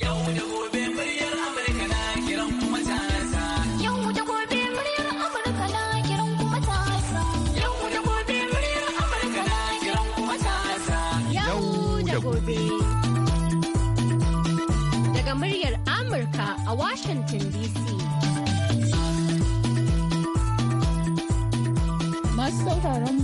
da gobe muryar Amurka na kiran da gobe muryar Amurka na kiran da gobe muryar Amurka na kiran da gobe. Daga muryar Amurka a Washington DC. Masu sauraron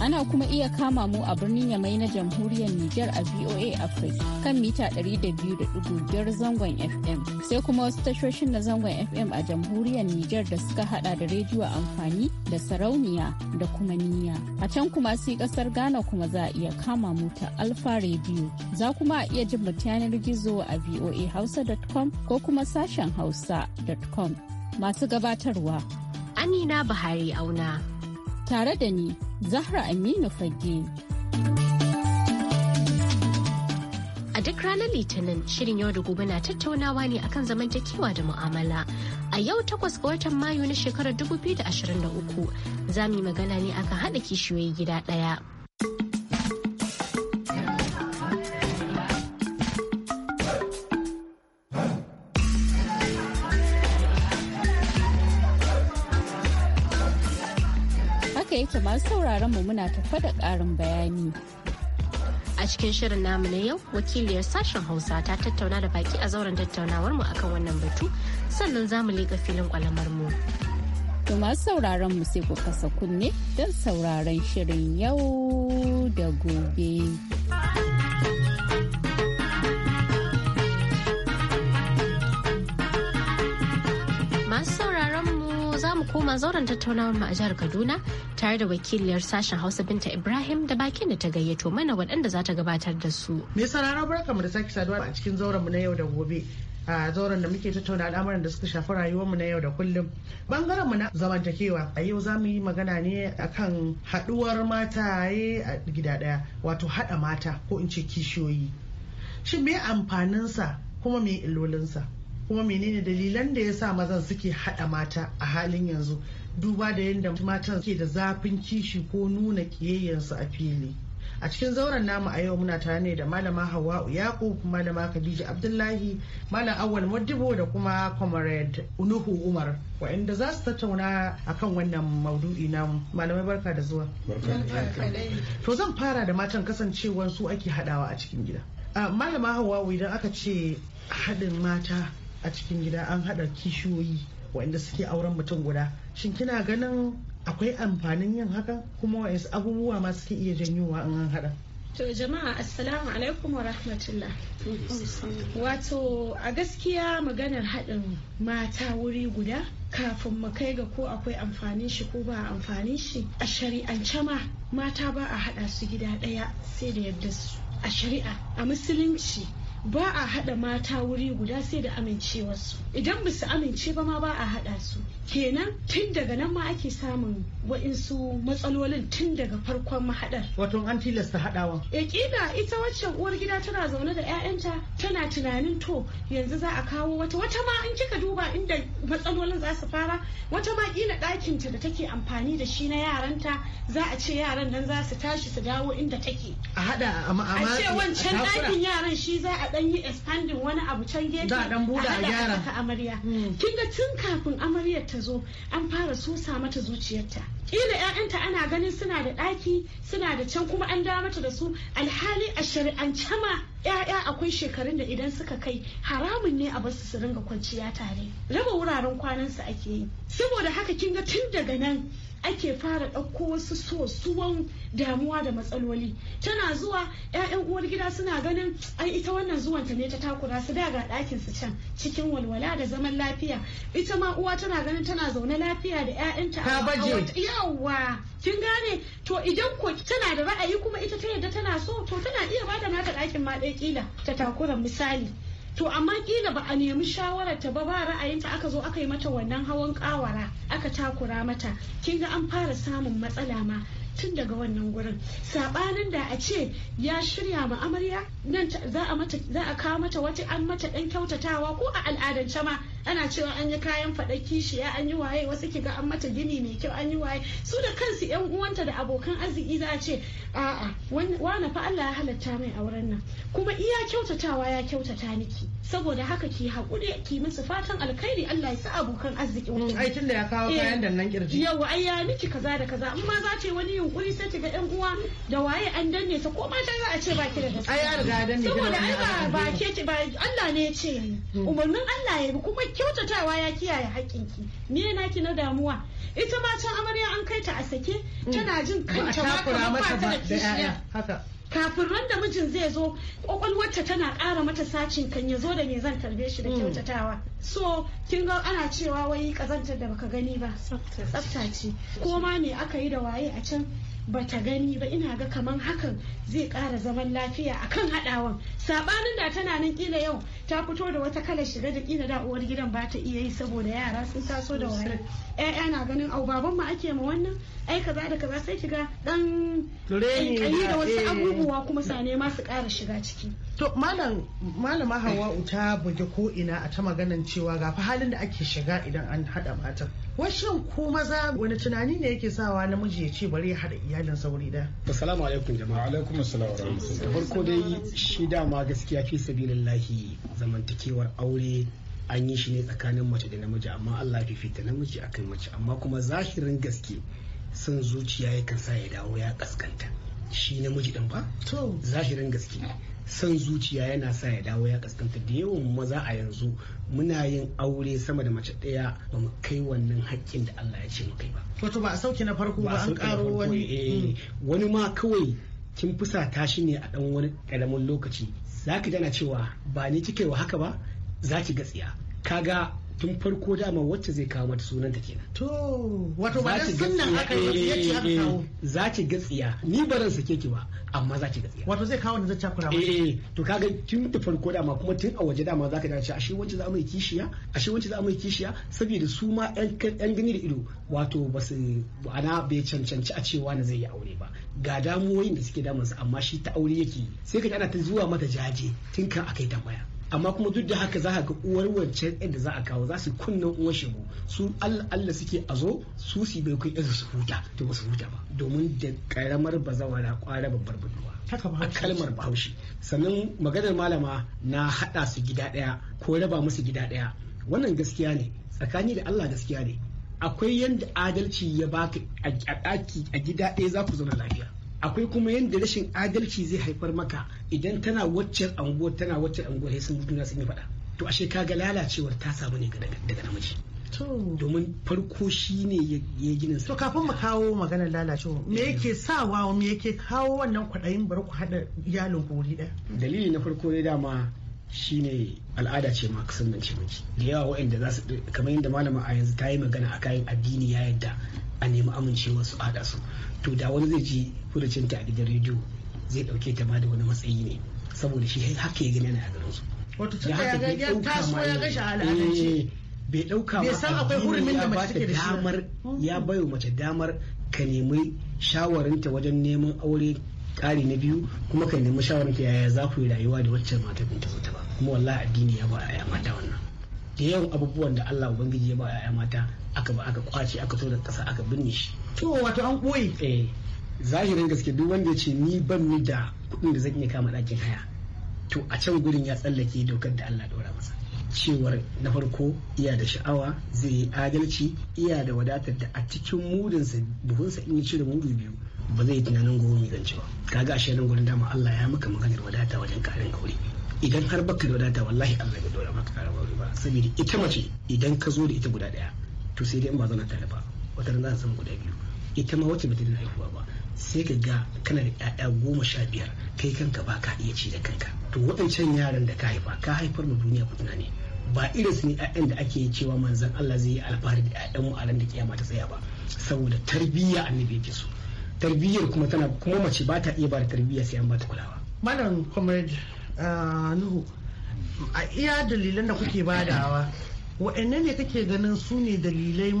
Ana kuma iya kama mu a birnin Yamai na jamhuriyar Nijar a VOA Africa kan mita 200.5 zangon FM. Sai kuma wasu tashoshin na zangon FM a jamhuriyar Nijar da suka hada da rediyo amfani da sarauniya da kuma niya. A can kuma sai kasar Ghana kuma za a iya kama mu ta Alfa rediyo Za kuma a iya jin mu yanar gizo a voahausa.com ko kuma sashen hausa.com. Masu gabatarwa. Amina Buhari auna. tare da ni Zahra Aminu Fage. A duk ranar Litinin shirin yau da gobe na tattaunawa ne akan zamantakewa da mu'amala. A yau takwas ga watan Mayu na shekarar 2023 za mu yi magana ne akan haɗa kishiyoyi gida ɗaya. yake masu sauraron mu muna tafa da ƙarin bayani. A cikin shirin namu na yau wakiliyar sashen Hausa ta tattauna da baki a zauren tattaunawar mu akan wannan batu sannan za mu leƙa filin kwalamar mu. To masu sauraron mu sai ku kasa kunne don sauraron shirin yau da gobe. Masu koma zauren tattaunawar mu a jihar Kaduna tare da wakiliyar sashen Hausa Binta Ibrahim da bakin da ta gayyato mana waɗanda za ta gabatar da su. Me barka mu da sake saduwa a cikin zauren mu na yau da gobe. a zauren da muke tattauna al'amuran da suka shafi rayuwarmu na yau da kullum bangaren mu na zamantakewa a yau za mu yi magana ne akan haɗuwar mataye a gida daya wato haɗa mata ko in ce kishiyoyi shin me amfaninsa kuma me illolinsa kuma menene dalilan da ya sa mazan suke haɗa mata a halin yanzu duba da yadda matan suke da zafin kishi ko nuna kiyayyarsu a fili a cikin zauren namu a yau muna tare ne da malama hawa'u yakub malama khadija abdullahi malam awal modibo da kuma comrade unuhu umar wa'inda za su tattauna akan wannan maudu'i namu malamai barka da zuwa to zan fara da matan kasancewar su ake hadawa a cikin gida ah, malama hawa'u idan aka ce haɗin mata a cikin gida an haɗa kishiyoyi waɗanda suke auren mutum guda shin kina ganin akwai amfanin yin haka kuma wa'insu abubuwa ma suke iya janyowa in an haɗa To jama'a assalamu alaikum wa rahmatullah. Wato a gaskiya maganar haɗin mata wuri guda kafin mu kai ga ko akwai amfanin shi ko ba amfanin shi a shari'ance ma mata ba a haɗa su gida ɗaya sai da yadda su a shari'a a musulunci ba a haɗa mata wuri guda sai da amincewarsu idan ba su amince ba ma ba a haɗa su kenan tun daga nan ma ake samun wa'insu matsalolin tun daga farkon mahaɗar wato an tilasta haɗawa e kila ita waccan uwar gida tana zaune da 'ya'yanta tana tunanin to yanzu za a kawo wata wata ma in kika duba inda matsalolin za su fara wata ma kila ɗakinta da take amfani da shi na yaranta za a ce yaran nan za su tashi su dawo inda take a haɗa a ce wancan ɗakin yaran shi za a dan yi expanding wani abu can gefe da dan buda a gyara amarya hmm. kin ga tun kafin amaryar ta zo an fara susa mata zuciyarta kila ƴaƴanta ana ganin suna da ɗaki suna da can kuma an dawo mata da su alhali a shari'ance ma ƴaƴa akwai shekarun da idan suka kai haramun ne a basu su ringa kwanciya tare raba wuraren kwanan su ake yi saboda haka kin ga tun daga nan ake fara ɗauko wasu sosuwan damuwa da matsaloli tana zuwa 'ya'yan uwar gida suna ganin ai ita wannan zuwanta ne ta takura su daga ɗakin su can cikin walwala da zaman lafiya ita ma uwa tana ganin tana zaune lafiya da 'ya'yanta ta baje yawa kin gane to idan ko tana da ra'ayi kuma ita ta yadda tana so to tana iya bada nata ɗakin ma ɗaya kila ta takura misali to amma kila ba a nemi shawarar ta ba ba ra'ayinta aka zo aka yi mata wannan hawan kawara aka takura mata kin ga an fara samun matsala ma tun daga wannan gurin sabanin da a ce ya shirya ma amarya nan za a kawo mata wata an mata dan kyautatawa ko a al'adance ma ana cewa an yi kayan faɗa kishiya an yi waye wasu ga an mata gini mai kyau an yi waye su da kansu yan uwanta da abokan arziki za a ce a'a wani fa Allah ya halatta mai auren nan kuma iya kyautatawa ya kyautata niki saboda haka ki haƙuri ki musu fatan alkhairi Allah ya sa abokan arziki mun ai tunda ya kawo eh, kayan da nan kirji yawa ai ya miki kaza da kaza amma za ta wani yunkuri sai ta ga yan uwa da waye an danne ta ko ma ta za a ce baki da gaskiya ai ya riga danne saboda ai ba ba ke ba Allah ne ya ce hmm. umarnin Allah ya bi kuma kyautatawa ya kiyaye haƙƙinki na ki na damuwa ita ma can amarya an kai ta a sake mm. tana jin kanta ma kamar ba ta da kishiya kafin ran da mijin zai zo kwakwalwarta tana ƙara mata sacin kan ya zo da me zan tarbe shi da mm. kyautatawa so kin ga ana cewa wai kazantar da baka gani ba tsafta ce ko ma me aka yi da waye a can bata gani ba ina ga kaman hakan zai kara zaman lafiya a kan haɗawan saɓanin da tana nan ƙila yau ta fito da wata kalar shiga da kila da uwar gidan ba ta iya yi saboda yara sun taso da wani ƴaƴa na ganin au baban ma ake ma wannan ai kaza da kaza sai kiga dan da wasu eh. abubuwa kuma sane ma su ƙara shiga ciki To malama hawa ta buge ko ina a ta maganan cewa ga fa halin da ake shiga idan an haɗa matan. Washin ko maza wani tunani ne yake sawa namiji ya ce bari ya haɗa iyalin sauri da. Assalamu alaikum jama'a. Alaikum assalam wa Farko dai shi dama gaskiya fi sabilillahi zamantakewar aure an yi shi ne tsakanin mace da namiji amma Allah ya fifita namiji akan mace amma kuma zahirin gaske son zuciya yakan sa ya dawo ya kaskanta. Shi namiji din ba? To. Zahirin gaske. San zuciya yana sa ya dawo ya kaskanta da yawan maza a yanzu muna yin aure sama da mace ɗaya ba mu kai wannan haƙƙin da Allah ya ce mu kai ba wato ba a sauke na farko ba an karo wani eh. hmm. wani ma kawai kin fusata shi ne a ɗan wani ƙaramin lokaci zaki dana cewa ba ni kike wa haka ba zaki gatsiya kaga tun farko dama wacce zai kawo mata sunan ta kenan to wato ba dan sunnan aka yi yace aka eh, kawo eh, za ki ga tsiya ni ba ran sake ki ba amma za ki ga tsiya wato zai kawo da zacca mata. Eh, eh to kaga tun da farko dama kuma tun a waje dama zaka dace ashe wacce za mu yi kishiya ashe wacce za mu yi kishiya saboda su ma yan gani da ido wato ba su ana bai cancanci a cewa na zai yi aure ba ga damuwoyin da suke damunsa amma shi ta aure yake sai ka ana ta zuwa mata jaje tun kan akai tambaya amma kuma duk da haka za ka ga uwar wancan yadda za a kawo za su kunna uwar shigo su Allah Allah suke a zo su su bai yadda su huta to ba su huta ba domin da karamar bazawara kwara babbar budurwa a kalmar bahaushe sannan maganar malama na hada su gida daya ko raba musu gida daya wannan gaskiya ne tsakani da Allah gaskiya ne akwai yadda adalci ya baka a daki a gida ɗaya za ku zauna lafiya akwai kuma yadda rashin adalci zai haifar maka idan tana waccan anguwar tana waccan anguwar sai sun juna sun yi faɗa to ashe kaga lalacewar ta samu ne daga namiji domin farko shi ne ya gina to kafin mu kawo maganar lalacewa me eh. yake sawa me yake kawo wannan kwaɗayin bar ku haɗa iyalin ku wuri dalili na farko ne dama shine al'ada ce ma kusan nan ce maki da yawa waɗanda za su kamar yadda malama a yanzu ta yi magana a kayan addini ya yadda a nemi amincewa su haɗa su to da wani zai ji furucinta a gidan rediyo zai ɗauke ta ma da wani matsayi ne saboda shi haka ya gani a garin su ya ga bai ɗauka eh, ma san ya bayo mace damar ka nemi shawarinta wajen neman aure ƙari na biyu kuma kan nemi shawarar ki yaya za ku yi rayuwa da wacce mata bin ta ba kuma wallahi addini ya ba ya mata wannan da yawan abubuwan da Allah ubangiji ya ba ya mata aka ba aka kwace aka to da aka binne shi to wato an koyi eh zahirin gaske duk wanda ya ce ni ban ni da kuɗin da zan iya kama dakin haya to a can gurin ya tsallake dokar da Allah ɗora masa cewar na farko iya da sha'awa zai yi adalci iya da wadatar da a cikin mudinsa buhunsa in cire mudu biyu ba zai tunanin gobe mai zance ba kaga a shirin gurin dama Allah ya maka maganar wadata wajen karin aure idan har baka da wadata wallahi Allah ya dora maka karin aure ba saboda ita mace idan ka zo da ita guda daya to sai dai in ba zana tare ba wata za ta guda biyu ita ma wacce ta da haihuwa ba sai ka ga kana da 'ya'ya goma sha biyar kai kanka ba ka iya ci da kanka to waɗancan yaran da ka haifa ka haifar ma duniya fitina ne ba irin su ne 'ya'yan da ake cewa manzon Allah zai yi alfahari da 'ya'yan mu a ran da kiyama ta tsaya ba saboda tarbiyya annabi yake so tarbiyyar kuma tana kuma mace ba ta iya ba da tarbiyya sai an ba ta kulawa Madam comrade uh, nuhu a iya dalilan da kuke badawa wa'annan ne kake ganin su ne dalilai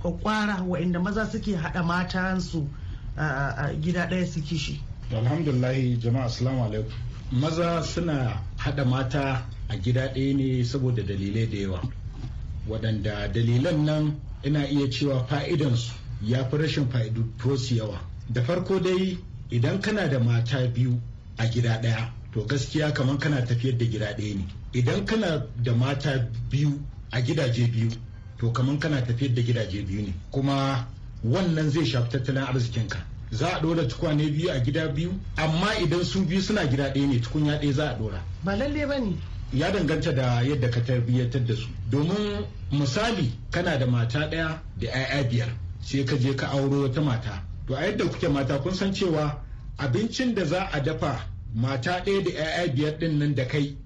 kwakwara wa'anda maza suke hada matansu a gida ɗaya su kishi alhamdulahi jama'a assalamu alaikum maza suna haɗa mata a gida ɗaya ne saboda dalilai da yawa waɗanda dalilan nan ina iya cewa fa'idansu ya fi rashin fa'idu tosi yawa da farko dai idan kana da mata biyu a gida ɗaya to gaskiya kamar kana tafiyar da gida ɗaya ne idan kana da mata biyu a gidaje biyu to kamar kana tafiyar da gidaje biyu ne kuma wannan zai shafi tattalin arzikinka za a ɗora tukwane biyu a gida biyu amma idan su biyu suna gida ɗaya ne tukunya daya za a ɗora ba lalle ba ne ya danganta da yadda ka tarbiyyantar da su domin misali kana da mata ɗaya da 'ya'ya biyar sai ka je ka auro wata mata to a yadda kuke mata kun san cewa abincin da za a dafa mata ɗaya da 'ya'ya biyar ɗin nan da kai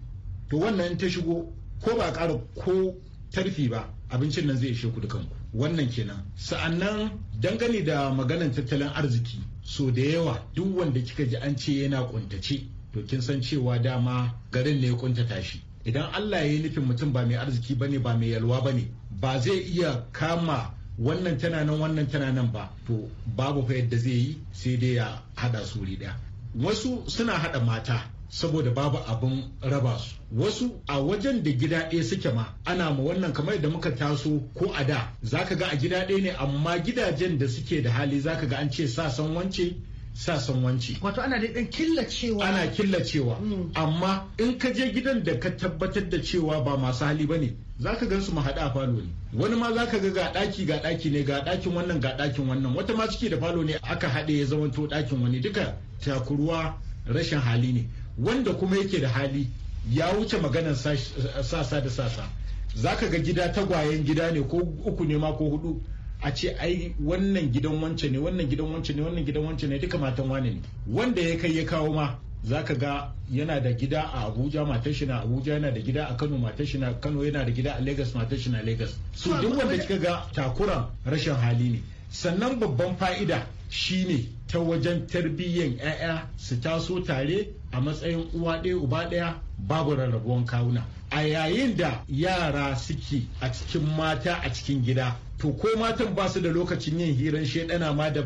to wannan ta shigo ko ba ƙara ko tarfi ba abincin nan zai ishe ku da kanku wannan kenan sa'annan dangane da maganar tattalin arziki so da yawa duk wanda kika ji an ce yana kuntace to kin san cewa dama garin ne ya kuntata shi idan Allah ya yi nufin mutum ba mai arziki bane ba mai yalwa bane ba zai iya kama wannan tana nan wannan tana nan ba to babu fa yadda zai yi sai dai ya hada su wuri daya wasu suna hada mata saboda babu abin raba su wasu a wajen da gida ɗaya suke ma ana ma wannan kamar da muka taso ko a da zaka ga a gida ɗaya ne amma gidajen da suke da hali zaka ga an ce sa san wance sasan wanci wato ana da killa killacewa ana killacewa mm. amma in ka je gidan da ka tabbatar da cewa ba masu hali bane ka gan su mu a falo ne wani ma zaka ga ga ɗaki ga ɗaki ne ga ɗakin wannan ga ɗakin wannan wata ma ciki da falo ne aka haɗe ya zamanto ɗakin wani duka takuruwa rashin hali ne wanda kuma yake da hali ya wuce maganar sasa da sasa zaka ga gida tagwayen gida ne ko uku ne ma ko hudu a ce ai wannan gidan wance ne wannan gidan wance ne wannan gidan wance ne duka matan wane ne wanda ya kai ya kawo ma zaka ga yana da gida a Abuja matar shi na Abuja yana da gida a Kano matar shi na Kano yana da gida a Lagos matar shi na Lagos su duk wanda kika ga takuran rashin hali ne sannan babban fa'ida shine ta wajen tarbiyyar 'ya'ya su taso tare a matsayin uwa ɗaya uba ɗaya babu rarrabuwan kawuna a yayin da yara suke a cikin mata a cikin gida to ko matan ba su da lokacin yin hirar shaidana ma da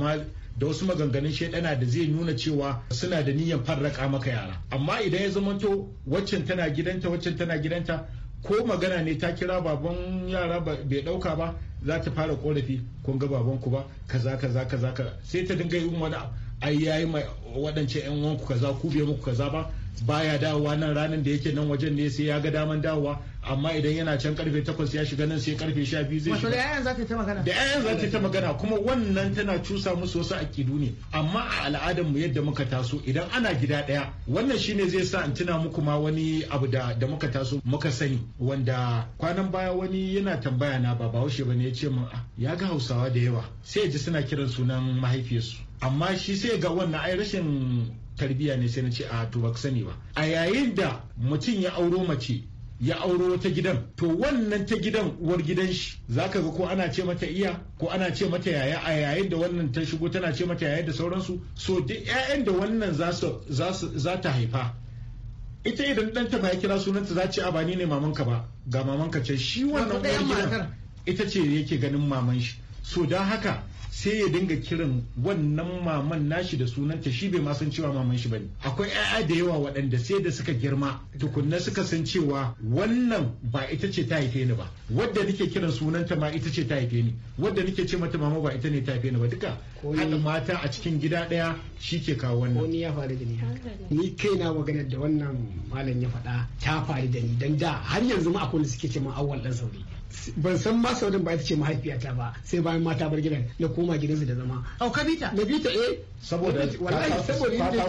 da wasu maganganun shaidana da zai nuna cewa suna da niyyar farraka maka yara amma idan ya zamanto waccan tana gidanta waccan tana gidanta ko magana ne ta kira baban yara bai dauka ba za ta fara korafi kun ga babanku ba kaza kaza kaza kaza sai ta dinga yin wani ai yayi mai waɗancan yan wanku kaza ku biye muku kaza ba baya dawowa nan ranar da yake nan wajen ne sai ya ga daman dawowa amma idan yana can karfe 8 ya shiga nan sai karfe 12 zai shiga da yayan za ta ta magana da yayan za ta ta magana kuma wannan tana cusa musu wasu akidu ne amma a al'adar mu yadda muka taso idan ana gida ɗaya. wannan shine zai sa in tuna muku ma wani abu da da muka taso muka sani wanda kwanan baya wani yana tambaya na ba bahaushe bane ya ce min ah, ya ga hausawa da yawa sai ya ji suna kiran sunan mahaifiyarsu amma shi sai ga wannan ai rashin tarbiyya ne sai na ce a ah, to sani ba a yayin da mutum ya auro mace ya auro wata gidan to wannan ta gidan uwar gidan shi zaka ga ko ana ce mata iya ko ana ce mata yaya a yayin da wannan ta shigo tana ce mata yaya da sauransu so duk ƴaƴan da wannan za ta haifa ita idan dan ta ba ya kira sunanta za ce a ba ni ne mamanka ba ga mamanka ce shi wannan uwar gidan ita ce yake ganin maman shi so don haka sai ya dinga kiran wannan maman nashi da sunanta shi bai ma san cewa maman shi bane akwai 'ya'ya da yawa waɗanda sai da suka girma tukunna suka san cewa wannan ba ita ce ta haife ni ba wadda nake kiran sunanta ma ita ce ta haife ni wadda nake ce mata mama ba ita ne ta haife ni ba duka haɗa mata a cikin gida ɗaya shi ke kawo wannan wani ya faru da ni ni kaina maganar da wannan malam ya faɗa ta faru da ni dan da har yanzu ma akwai suke ce ma awwal dan sauri ban san ma saurin ba ita ce mahaifiyata ba sai bayan mata bar gidan na koma gidansu da zama au oh, ka bita na bita eh saboda wallahi saboda yadda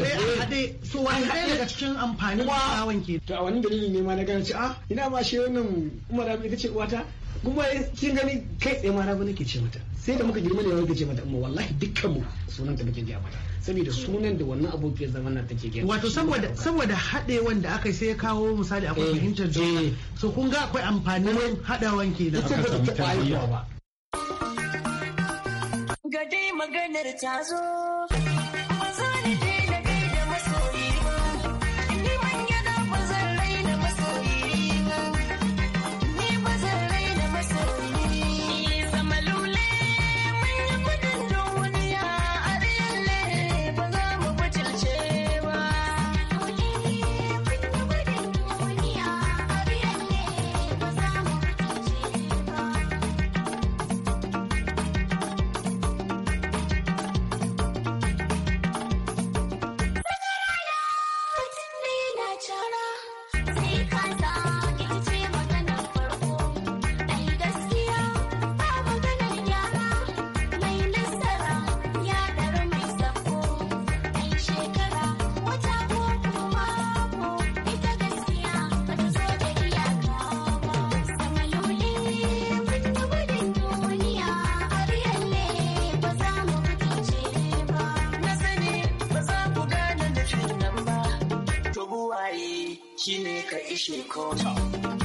eh a hade so wani hada daga cikin amfanin kawon ke to a wani dalilin ne ma na gane ce ah ina ma shi wannan umar ita ce uwata kuma kin gani kai tsaye ma rabu nake ce mata sai da muka girma ne wanda ce mata amma wallahi dukkan mu sunan ta muke mata saboda sunan da wannan abokin zaman nan take gaya wato saboda saboda hadewan da aka sai ya kawo misali akwai eh, fahimtar juna eh. so kun ga akwai amfanin hadawan kenan ita ba ta ba ga dai maganar ta zo 是空巢。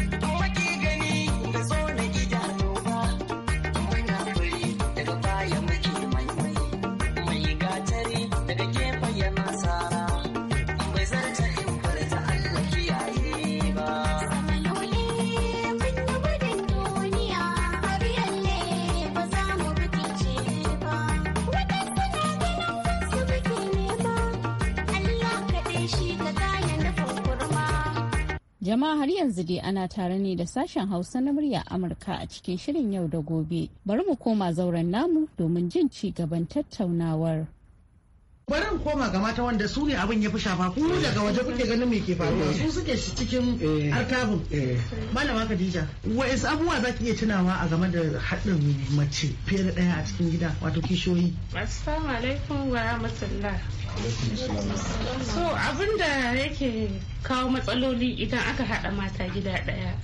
Jama'a har yanzu dai ana tare ne da sashen Hausa na murya Amurka a cikin shirin yau da gobe. Bari mu koma zauren namu domin jin ci gaban tattaunawar. bari in koma ga mata wanda su ne abin ya fi shafa ku eh. daga waje kuke ganin me ke eh. faruwa su suke cikin eh. arkabin malama Khadija wa'is abubuwa za ki iya tunawa a game da haɗin mace fiye da ɗaya a cikin gida wato Kishoyi. assalamu alaikum wa rahmatullah so abin da yake kawo matsaloli idan aka haɗa mata gida ɗaya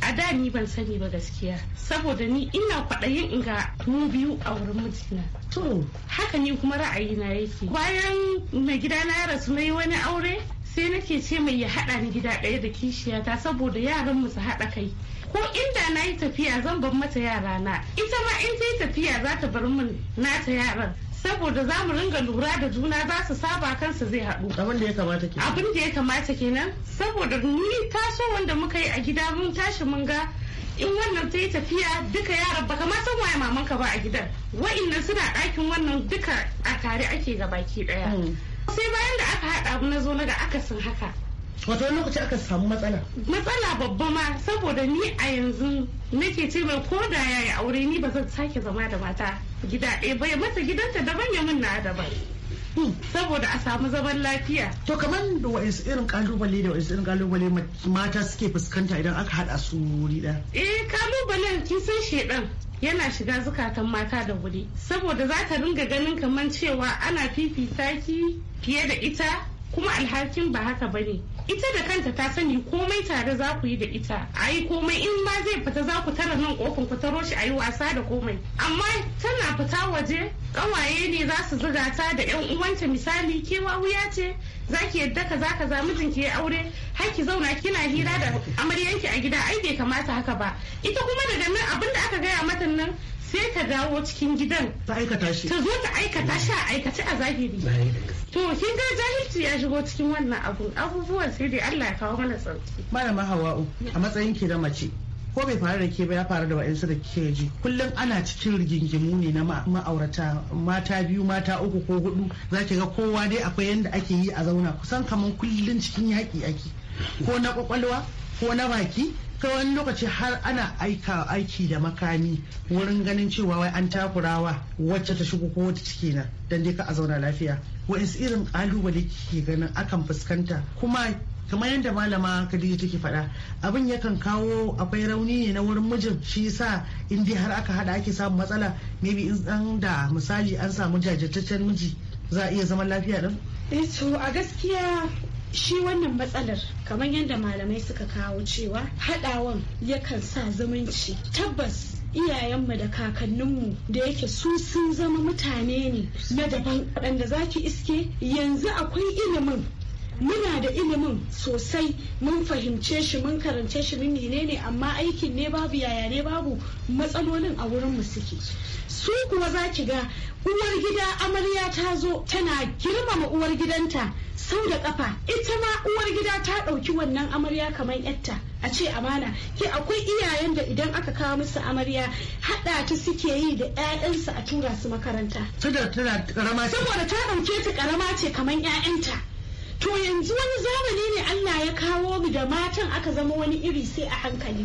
a da ni ban sani ba gaskiya saboda ni ina kwaɗayin in ga mu biyu a wurin mijina to haka ni kuma ra'ayina yake bayan mai gida na rasu na yi wani aure sai nake ce mai ya haɗa ni gida ɗaya da kishiyata saboda yaran mu su haɗa kai ko inda na yi tafiya zan bar mata yara na ita ma in ta yi tafiya za ta bar min nata yaran saboda za mu ringa lura da juna za su saba kansu zai haɗu abin da ya kamata kenan abin da ya kamata kenan saboda ni taso wanda muka yi a gida mun tashi mun ga in wannan ta yi tafiya duka yara baka ma san waye mamanka ba a gidan wa'annan suna ɗakin wannan duka a tare ake ga baki ɗaya hmm. sai bayan da aka haɗa na zo na ga akasin haka wato wani lokaci aka samu matsala matsala babba ma saboda ni a yanzu nake ce mai ko da yaya aure ni ba zan sake zama da mata gida ɗaya bai mata gidanta daban ya mun na daban hmm, saboda a samu zaman lafiya to kamar da wa'insu irin kalubale da wa'insu irin kalubale mata suke fuskanta idan aka haɗa su wuri ɗaya eh kalubalen kin san shedan yana shiga zukatan mata da wuri saboda za ta ringa ganin kamar cewa ana fifita ki fiye da ita kuma alhakin ba haka bane ita da kanta ta sani komai tare za ku yi da ita ayi komai in ma zai fita za ku tara nan kofin ku taro shi ayi wasa da komai amma tana fita waje kawaye ne za su zuga ta da yan uwanta misali kewa wuya ce za ki yadda ka za ka za mijinki ya aure har ki zauna kina hira da amaryanki a gida ai bai kamata haka ba ita kuma daga nan abin da aka gaya mata nan sai ka dawo cikin gidan ta aikata shi ta zo ta aikata shi a aikace a zahiri to kin ga jahilci ya shigo cikin wannan abu abubuwan sai dai Allah ya kawo mana sauki mara hawa'u a matsayin ki da mace ko bai faru da ke ba ya faru da wa'insu da ke ji kullum ana cikin rigingimu ne na ma'aurata mata biyu mata uku ko hudu za ki ga kowa dai akwai yanda ake yi a zauna kusan kamar kullum cikin yaƙi ake ko na kwakwalwa ko na baki kai wani lokaci har ana aika aiki da makami wurin ganin cewa wai an takurawa wacce ta shigo ko wata ciki na dan dai ka a zauna lafiya wa'insu irin kalubale ke ganin akan fuskanta kuma kamar yadda malama Khadija take faɗa abin yakan kawo akwai rauni ne na wurin mijin shi yasa in dai har aka haɗa ake samu matsala maybe in dan da misali an samu jajirtaccen miji za a iya zaman lafiya din eh to a gaskiya shi wannan matsalar kamar yadda malamai suka kawo cewa haɗawan yakan sa zumunci tabbas iyayenmu da kakanninmu da yake su sun zama mutane ne na daban waɗanda za ki iske yanzu akwai ilimin muna da ilimin sosai mun fahimce shi mun karance shi mun ne amma aikin ne babu yaya ne babu matsalolin a wurin mu suke su kuwa za ki ga uwar gida amarya ta zo tana girmama uwar gidanta sau da kafa ita ma uwar gida ta ɗauki wannan amarya kamar yatta a ce amana ke akwai iyayen da idan aka kawo musu amarya hada ta suke yi da 'ya'yansu a tura su makaranta saboda ta ɗauke ta karama ce kamar 'ya'yanta to yanzu wani zamani ne Allah ya kawo mu da matan aka zama wani iri sai a hankali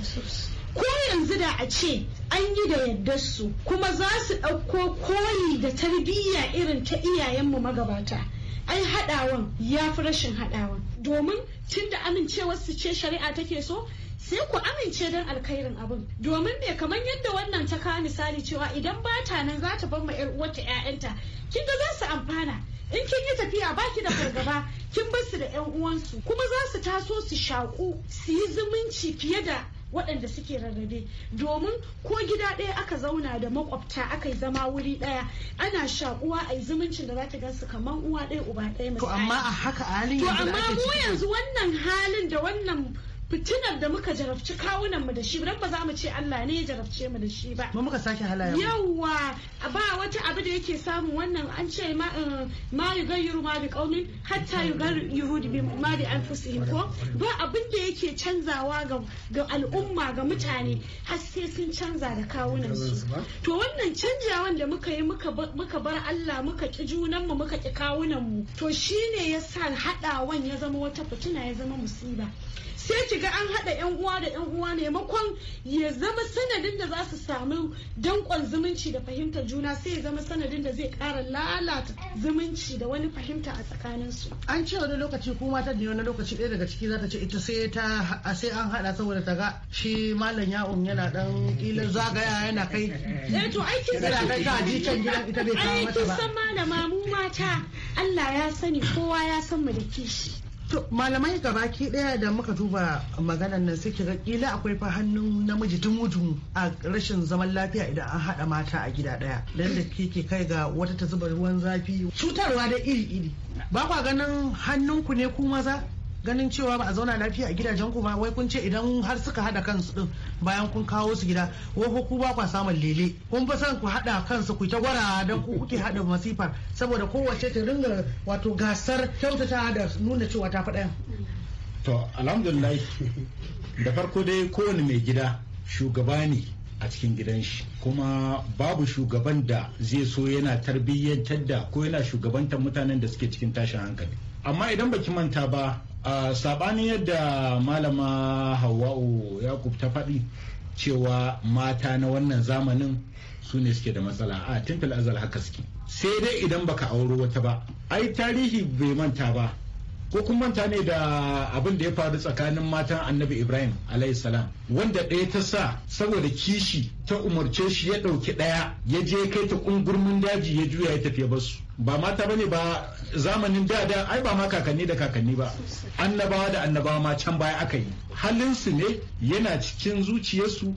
ko yanzu da a ce an yi da yadda su kuma za su ɗauko koyi da tarbiyya irin ta iyayenmu magabata an haɗawan ya fi rashin haɗawan domin tun da amincewar su ce shari'a take so sai ku amince don alkhairin abin domin me kamar yadda wannan ta kawo misali cewa idan ba ta nan za ta bar ma 'yar uwarta 'ya'yanta kin ga za su amfana in kin yi tafiya ba ki da fargaba kin bar su da 'yan uwansu kuma za su taso su shaƙu su yi zumunci fiye da waɗanda suke rarrabe domin ko gida ɗaya aka zauna da makwabta aka yi zama wuri ɗaya ana shakuwa a yi zumuncin da za ta gansu kamar uwa ɗaya uba ɗaya to amma a haka halin to amma mu yanzu wannan halin da wannan fitinar da muka jarabci kawunan mu da shi dan ba za mu ce Allah ne ya jarabce mu da shi ba ba muka sake halaya yawa ba wata abu da yake samu wannan an ce ma eh, ma yugayyiru ma bi qaumin hatta yugayyiru bi ma bi anfusihim ko ba abin da yake canzawa ga ga al'umma ga mutane har sai sun canza da kawunan su to wannan canjawan da muka yi muka muka bar Allah muka ki junan mu muka ki kawunan mu to shine yasa hadawan ya zama wata fitina ya zama musiba sai ki ga an haɗa yan uwa da yan uwa ne makon ya zama sanadin da za su samu danƙon zumunci da fahimtar juna sai ya zama sanadin da zai ƙara lalata zumunci da wani fahimta a tsakanin su an ce wani lokaci ko mata da wani lokaci ɗaya daga ciki za ta ce ita sai ta sai an haɗa saboda ta ga shi malam ya'un yana dan ƙilan zagaya yana kai eh to aikin da ta ka ji gidan ita bai kawo mata ba aikin san malama mu mata Allah ya sani kowa ya san mu da kishi To malamai gabaki daya da muka duba maganan nan suke ga kila akwai fa hannun namiji dumu a rashin zaman lafiya idan an haɗa mata a gida daya. Dan da ke kai ga wata ta zuba ruwan zafi cutarwa da iri-iri. Ba kwa ganin hannunku ne ku maza ganin cewa ba a zauna lafiya a gidajen ku ba wai kun ce idan har suka hada kansu din bayan kun kawo su gida wai ko ku ba kwa samun lele kun fa san ku hada kansu ku ta gwara dan ku kuke hada masifa. saboda kowace ta ringa wato gasar kyautata da nuna cewa ta faɗa to alhamdulillah da farko dai kowane mai gida shugaba ne a cikin gidan shi kuma babu shugaban da zai so yana tarbiyyantar da ko yana shugabantar mutanen da suke cikin tashin hankali amma idan baki manta ba a sabanin yadda malama hawa'u yakub ta faɗi cewa mata na wannan zamanin su ne suke da matsala a tun azal haka suke sai dai idan baka auro wata ba ai tarihi bai manta ba ko kuma manta ne da abin da ya faru tsakanin matan annabi ibrahim salam wanda ɗaya ta sa saboda kishi ta umarce shi ya ɗauki ɗaya ya je kai ta ƙungurmin daji ya juya ya tafiya basu ba mata bane ba zamanin da da ai ba ma kakanni da kakanni ba annabawa da annabawa ma can baya aka yi halin su ne yana cikin zuciyarsu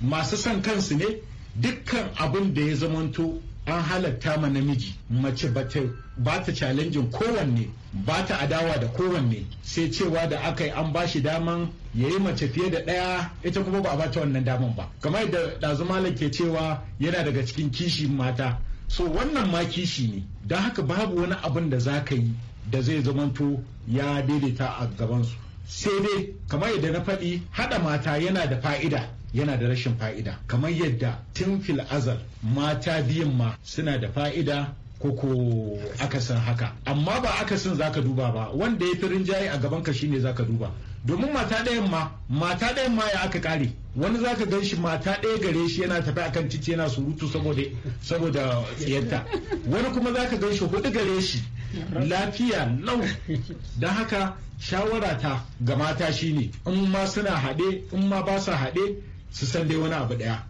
masu son kansu ne dukkan abin da ya zamanto an halatta ma namiji mace ba ta challenge kowanne ba ta adawa da kowanne sai cewa da aka yi an bashi daman ya yi mace fiye da ɗaya ita kuma ba a bata wannan daman ba kamar da ɗazu malam ke cewa yana daga cikin kishi mata so wannan ma kishi ne don haka babu wani abin da za ka yi da zai zamanto ya daidaita a gabansu sai dai kamar yadda na faɗi haɗa mata yana da fa'ida yana da rashin fa'ida kamar yadda tun fil azal mata biyun ma suna da fa'ida koko akasin haka amma ba akasin zaka duba ba wanda ya fi rinjaye a gaban ka shine zaka duba domin mata ɗayan ma mata ɗayan ma ya aka kare wani zaka gan shi mata ɗaya gare shi yana tafi akan titi yana surutu saboda saboda tsiyarta wani kuma zaka gan shi hudu gare shi lafiya lau don haka shawara ta ga mata shine in ma suna haɗe in ma ba su haɗe su san dai wani abu ɗaya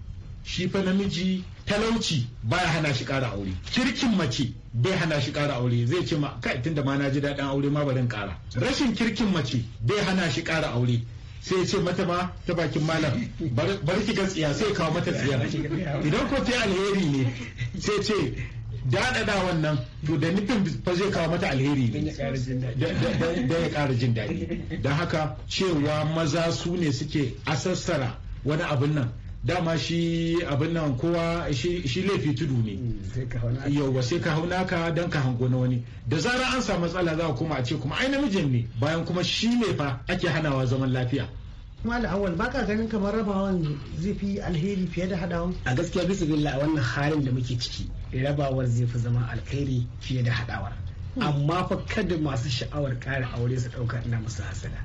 shi fa namiji talauci baya hana shi ƙara aure kirkin mace bai hana shi ƙara aure zai ce ma kai tunda ma na ji daɗin aure ma barin ƙara rashin kirkin mace bai hana shi ƙara aure sai ce mata ma ta bakin malam bar ki gaskiya sai kawo mata tsiya idan ko ta alheri ne sai ce daɗaɗa wannan to da nufin fa zai kawo mata alheri ne da ya ƙara jin daɗi don haka cewa maza su ne suke asassara wani abin nan dama shi abin nan kowa shi laifi tudu ne hmm, yauwa sai ka hauna ka don ka hango na wani da zarar an samu matsala za a koma a ce kuma ai namijin ne bayan kuma shi ne fa ake hanawa zaman lafiya kuma awal ba ka ganin kamar rabawan zai fi alheri fiye da hadawan a gaskiya bisa a wannan halin da muke ciki rabawar zai fi zama alheri fiye da hadawar hmm. amma fa kada masu sha'awar ƙara aure su ɗauka ina musu hasada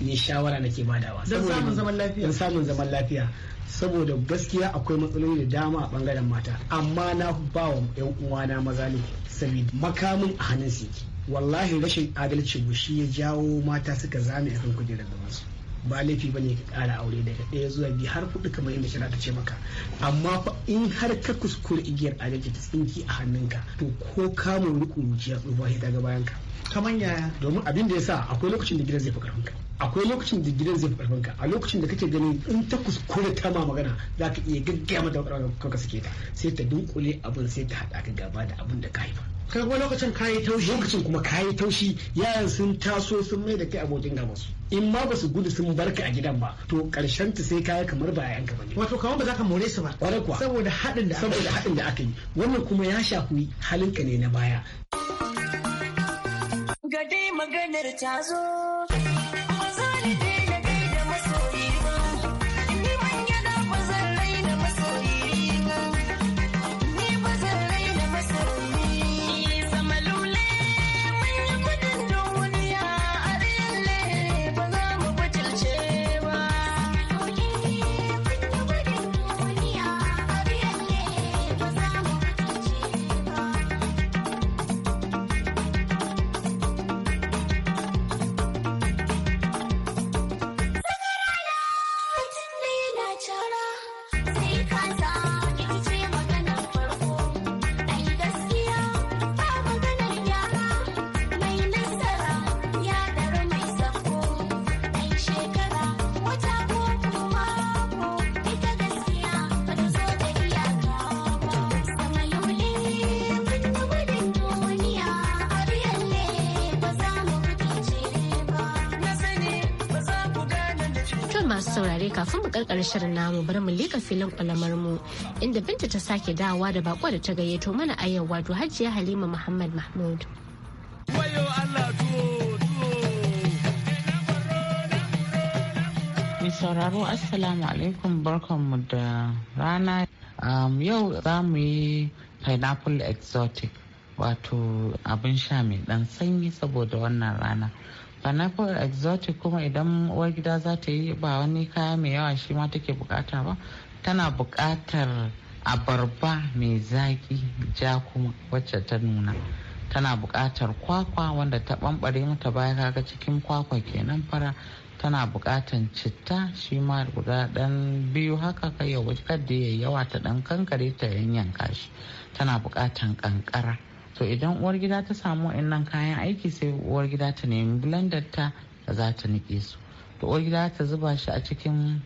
ni shawara nake badawa don samun zaman lafiya don samun zaman lafiya saboda gaskiya akwai matsaloli da dama a bangaren mata amma na ba wa yan uwana maza ne saboda makamin a hannun su wallahi rashin adalci shi ya jawo mata suka zame akan kudin da masu ba laifi bane ka kara aure daga ɗaya zuwa biyu har kuɗi kamar yadda shi ta ce maka amma fa in har ka kuskure igiyar adalci ta tsinki a hannunka to ko kamun rukun ya tsufa ta ga bayanka ta manya domin abin da ya sa akwai lokacin da gidan zai fi karfinka akwai lokacin da gidan zai fi karfinka a lokacin da kake ganin in ta kuskure ta ma magana za ka iya gaggaya mata kanka suke ta sai ta dunkule abin sai ta haɗa ka gaba da abin da ka haifa kai lokacin kayi taushi lokacin kuma kayi taushi yayan sun taso sun mai da kai abokin gaba su in ma ba su gudu sun ka a gidan ba to karshen ta sai kayi kamar ba yayan ka bane wato kawai ba za ka more su ba kwarai kuwa saboda haɗin da saboda da aka yi wannan kuma ya shafi halinka ne na baya dai maganar ta zo. kafin mu karkar shirin namu bari mu lika filin kwalamar mu inda binta ta sake dawa da bako da ta gayyato mana a yau wato hajiya halima muhammad mahmud. Mai sauraro Assalamu alaikum barkanmu da rana. yau za mu yi pineapple exotic wato abin sha mai dan sanyi saboda wannan rana. pineapple exotic kuma idan uwar gida za ta yi ba wani kaya mai yawa shi ma take bukata ba tana bukatar abarba mai zaki ja kuma wacce ta nuna tana bukatar kwakwa wanda ta bambare mata baya kaga cikin kwakwa kenan fara tana bukatan citta shi ma guda dan biyu haka kai ya wuce kadda yayi yawa ta dan kankare ta yanyanka shi tana bukatan kankara to idan uwar gida ta samu wa'annan kayan aiki sai uwar gida ta nemi blender ta za ta nike su to uwar gida ta zuba shi a cikin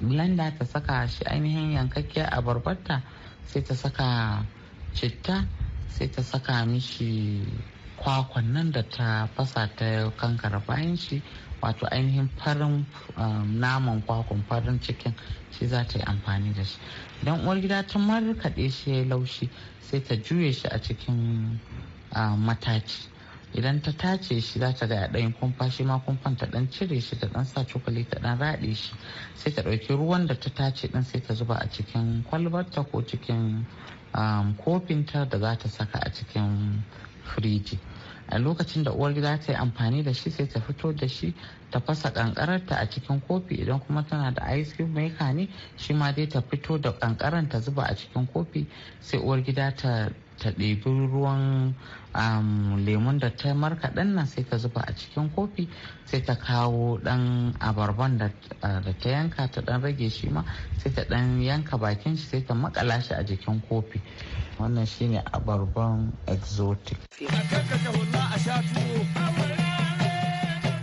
blender ta saka shi ainihin yankakkiya a abarbarta sai ta saka citta sai ta saka mishi kwakwan nan da ta fasa ta kankara bayan shi wato ainihin farin um, naman kwakwan farin cikin shi za ta yi amfani da shi don uwar gida ta markaɗe shi ya laushi sai ta juye shi a cikin um, mataci idan ta tace shi za ta ga ɗayan kumfa shi ma kumfan ta ɗan cire shi ta ɗan sa cokali ta ɗan raɗe shi sai ta ɗauki ruwan da ta tace ɗin sai ta zuba a cikin kwalbarta ko cikin um, kofinta da za ta saka a cikin firiji a lokacin da uwar gida ta yi amfani da shi sai ta fito da shi ta fasa kankararta a cikin kofi idan kuma tana da ice cream maker ne shi ma dai ta fito da kankararta ta zuba a cikin kofi sai uwar gida ta ta ɗebi ruwan lemun da ta ɗan nan sai ta zuba a cikin kofi sai ta kawo ɗan abarban da ta yanka ta ɗan rage shi ma sai ta ɗan yanka bakin shi sai ta makala shi a jikin kofi wannan shine abarban exotic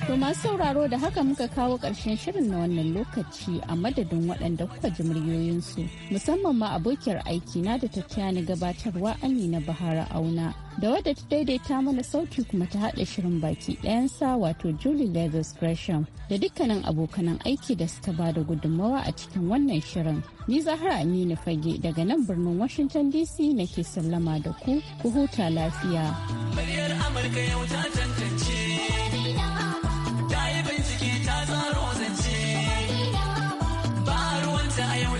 To masu sauraro da haka muka kawo ƙarshen shirin na wannan lokaci a madadin waɗanda kuka ji muryoyinsu musamman ma abokiyar aiki na da ni gabatarwa Amina Bahara Auna. Da wadda ta daidaita mana sauti kuma ta haɗa shirin baki ɗayansa wato Julie lagos Gresham da dukkanin abokanan aiki da suka ba da gudunmawa a cikin wannan shirin. Ni Zahra Aminu Fage daga nan birnin Washington DC nake sallama da ku, ku huta lafiya. Amurka yau ta tantance.